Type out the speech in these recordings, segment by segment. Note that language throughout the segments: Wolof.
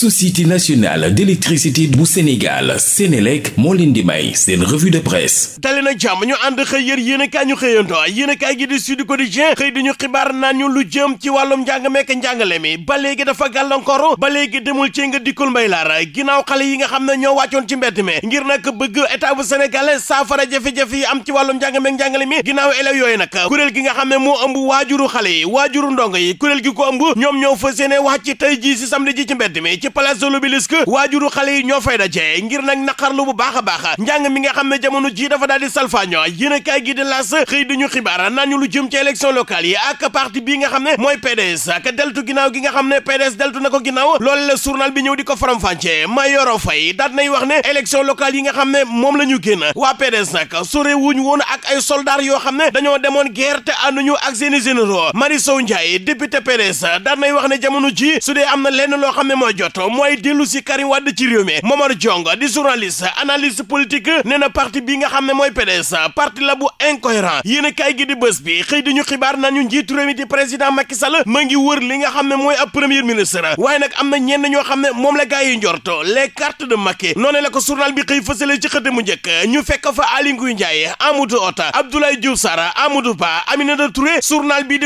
société nationale d'électricité bu Sénégal Sénélec moo leen di may seen revue de presse dali na jàmm ñu ànd xëy yër yéenekaay ñu xëyanto yéenekaay gi di Sud Quotidien xëy di ñu xibaar naan ñu lu jëm ci wàllum njàng mekk njàngale mi ba léegi dafa gàllankoor ba léegi demul ci nga dikkul mbay laara ginnaaw xale yi nga xam ne ñoo wàccoon ci mbedd mi ngir nag bëgg état bu Sénégal saafara jafe-jafe yi am ci wàllum njàng mekk njàngale mi ginnaaw élèves yooyu nag kuréel nga xam ne moo ëmb waajuru xale yi waajuru ndongo yi kuréel gi ko ëmb ñoom ñoo fas yéene wax ci tey ci place de l'Obélisque waajuru xale yi ñoo fay daje ngir nag naqarlu bu baax a baax njàng mi nga xam ne jamono ji dafa daal di salfaaño yéen a kaay gi de las xëy diñu xibaar naan ñu lu jëm ci élection locale yi ak parti bi nga xam ne mooy PDS ak deltu ginnaaw gi nga xam ne PDS deltu na ko ginnaaw loolu la journal bi ñëw di ko faram-fàccee Mayoro Faye daat nay wax ne élection locale yi nga xam ne moom la ñu génn waa PDS nag sore wuñ woon ak ay soldats yoo xam ne dañoo demoon guerre te ànduñu ak seeni généraux Marie Sow Ndiaye député PDS daat nay wax ne jamono ji su am na lenn loo xam ne mooy jot Fatou mooy dellu si xam ne mooy PDS parti la bu incohérent yéen a kaay gi di ma ngi wër li xam ne mooy ab premier ministre waaye nag am na ñenn xam ne moom la gars yi njorto les cartes de Macky noonu la ko journal bi xëy fësale ci xët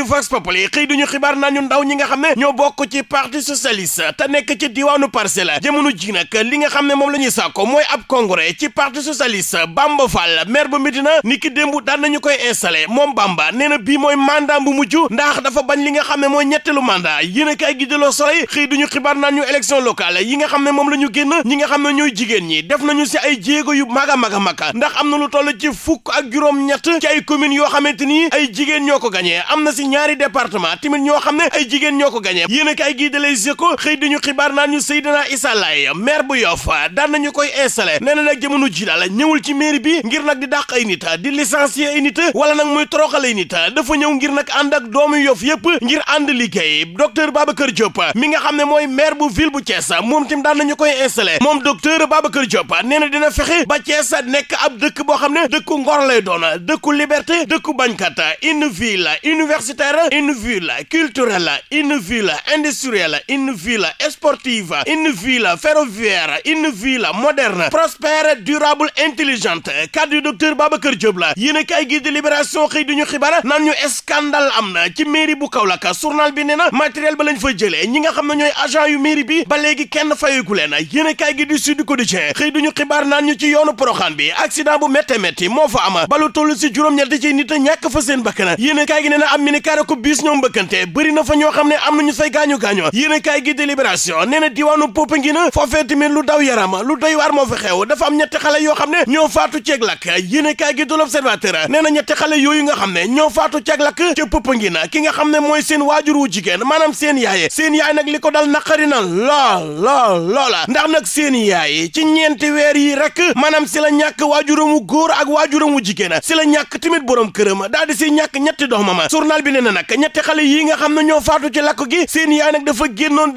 Vox Populi xëy di ñu xibaar nañu ndaw ñi ga xam ne ñoo bokk ci parti socialiste te nekk diwaanu parcelle jamono ji nag li nga xam ne moom la ñuy sàkko mooy ab congrès ci parti socialiste Bamba Fall maire bu Médina ni ki démb daan koy installé moom Bamba nee na bii mooy mandat bu mujj ndax dafa bañ li nga xam ne mooy ñetteelu mandat yéen a kaay gi de Le Soleil xibaar naan ñu élection locale yi nga xam ne moom la ñu génn ñi nga xam ne ñooy jigéen ñi def nañu si ay jéego yu maga maga mag ndax am na lu toll ji fukk ak juróom-ñett ci ay commune yoo xamante ni ay jigéen ñoo ko gañee am na si ñaari département tamit ñoo xam ne ay jigéen ñoo ko gañee yéen a kaay nañu Seydina Issa Laye maire bu Yoff daan nañu koy installé nee na nag jamono ji daal ñëwul ci mairie bi ngir nag di dàq ay nit di licencier ay nit wala nag muy toroxal ay nit dafa ñëw ngir nag ànd ak doomu Yoff yëpp ngir ànd liggéey docteur Babacar Diop mi nga xam ne mooy maire bu ville bu Thiès moom tim daan nañu koy installé moom docteur Babacar Diop nee na dina fexe ba Thiès nekk ab dëkk boo xam ne dëkku ngor lay doon dëkku liberté dëkku bañkat une ville universitaire une ville culturelle une ville industrielle une ville sportive inclusive, une ville ferroviaire, une ville moderne, prospère, durable, intelligente kaddu docteur Babacar Diop la yéen a kaay gi di libération xëy di ñu xibaar naan ñu scandale am na ci mairie bu kaw Kaolack journal bi nee na matériel ba lañ fa jëlee ñi nga xam ne ñooy agent yu mairie bi ba léegi kenn fayeeku leen yéen a kaay gi di Sud Quotidien xëy di ñu xibaar naan ñu ci yoonu Porokhane bi accident bu métte métti moo fa am balu toll si juróom-ñetti ci nit a ñàkk fa seen bakkan yéen a kaay gi nee na am minicar ko bis ñoom bëkkante bëri na fa ñoo xam ne am nañu say gaañu gaañoo yéen kaay libération ne diwaanu Popenguine foofee tamit lu daw yarama lu doy waar moo fa xew ñetti xale yoo xam ne ñoo faatu ceeg lakk yéen kaay gi du l'Observateur nee na ñetti xale yooyu nga xam ne ñoo faatu ceeg lakk ca ki nga xam ne mooy seen waajur wu jigéen maanaam seen yaaye seen yaay nag li ko dal naqari na lo lool loola ndax nag seen yaay ci ñeenti weer yi rek maanaam si la ñàkk waajuramu góor ak waajuramu jigéen si la ñàkk tamit borom këram daal di si ñàkk ma doomam journal bi ne na nag ñetti xale yi nga xam ne ñoo faatu ci lakk gi seen yaay nag dafa génnoon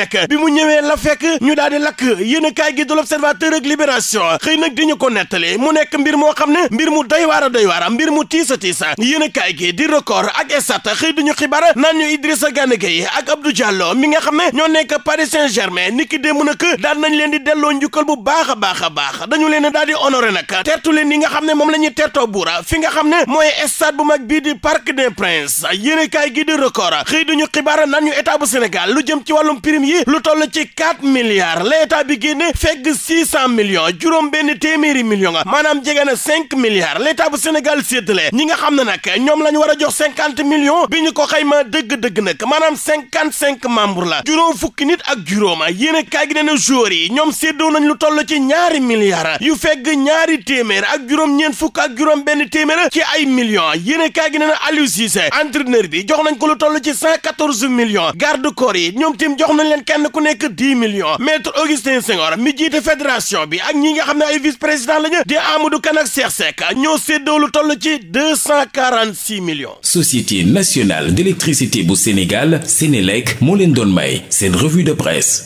lekk bi mu ñëwee la fekk ñu daal di lakk yéen a kaay gi de l'observateur ak libération xëy nag di ñu ko nettali mu nekk mbir moo xam ne mbir mu doy waar a doy waar mbir mu tiis a tiis yéen a kaay gi di record ak esat xëy duñu xibaar naan ñu Idrissa Gana Gueye ak Abdou Diallo mi nga xam ne ñoo nekk Paris Saint-Germain niki démb nag daal nañ leen di delloo njukkal bu baax baax a baax dañu leen daal di honoré nag tertu leen yi nga xam ne moom la ñuy tertoo buura fi nga xam ne mooy stade bu mag bii di Parc des Princes yéen kaay gi di record xëy duñu xibaar naan ñu état bu Sénégal lu jëm ci wàllum prime yi lu toll ci quatre milliards l'état bi génne fekk six cent millions juróom benn téeméeri millions nga maanaam jege na cinq milliards l'état bu Sénégal séddale ñi nga xam ne nag ñoom la ñu war a jox cinquante millions bi ñu ko xayma dëgg-dëgg nag maanaam cinquante cinq membres la juróom fukki nit ak juróoma yéen a gi nee na joueurs yi ñoom séddoo nañ lu toll ci ñaari milliards yu fekk ñaari téeméer ak juróom-ñeent fukk ak juróom benn téeméer ci ay millions yéen a kaay gi nee na Aliou Cissé entraîneur bi jox nañ ko lu toll ci cent quatorze millions garde ñoom tim jox nañ leen leen kenn ku nekk dix millions maître Augustin Senghor mi jiite fédération bi ak ñi nga xam ne ay vice président lañu di Amadou Kane ak Cheikh Seck ñoo séddoo lu toll ci deux cent quarante six millions. Société nationale d'électricité bu Sénégal Sénélec moo leen doon may seen revue de presse.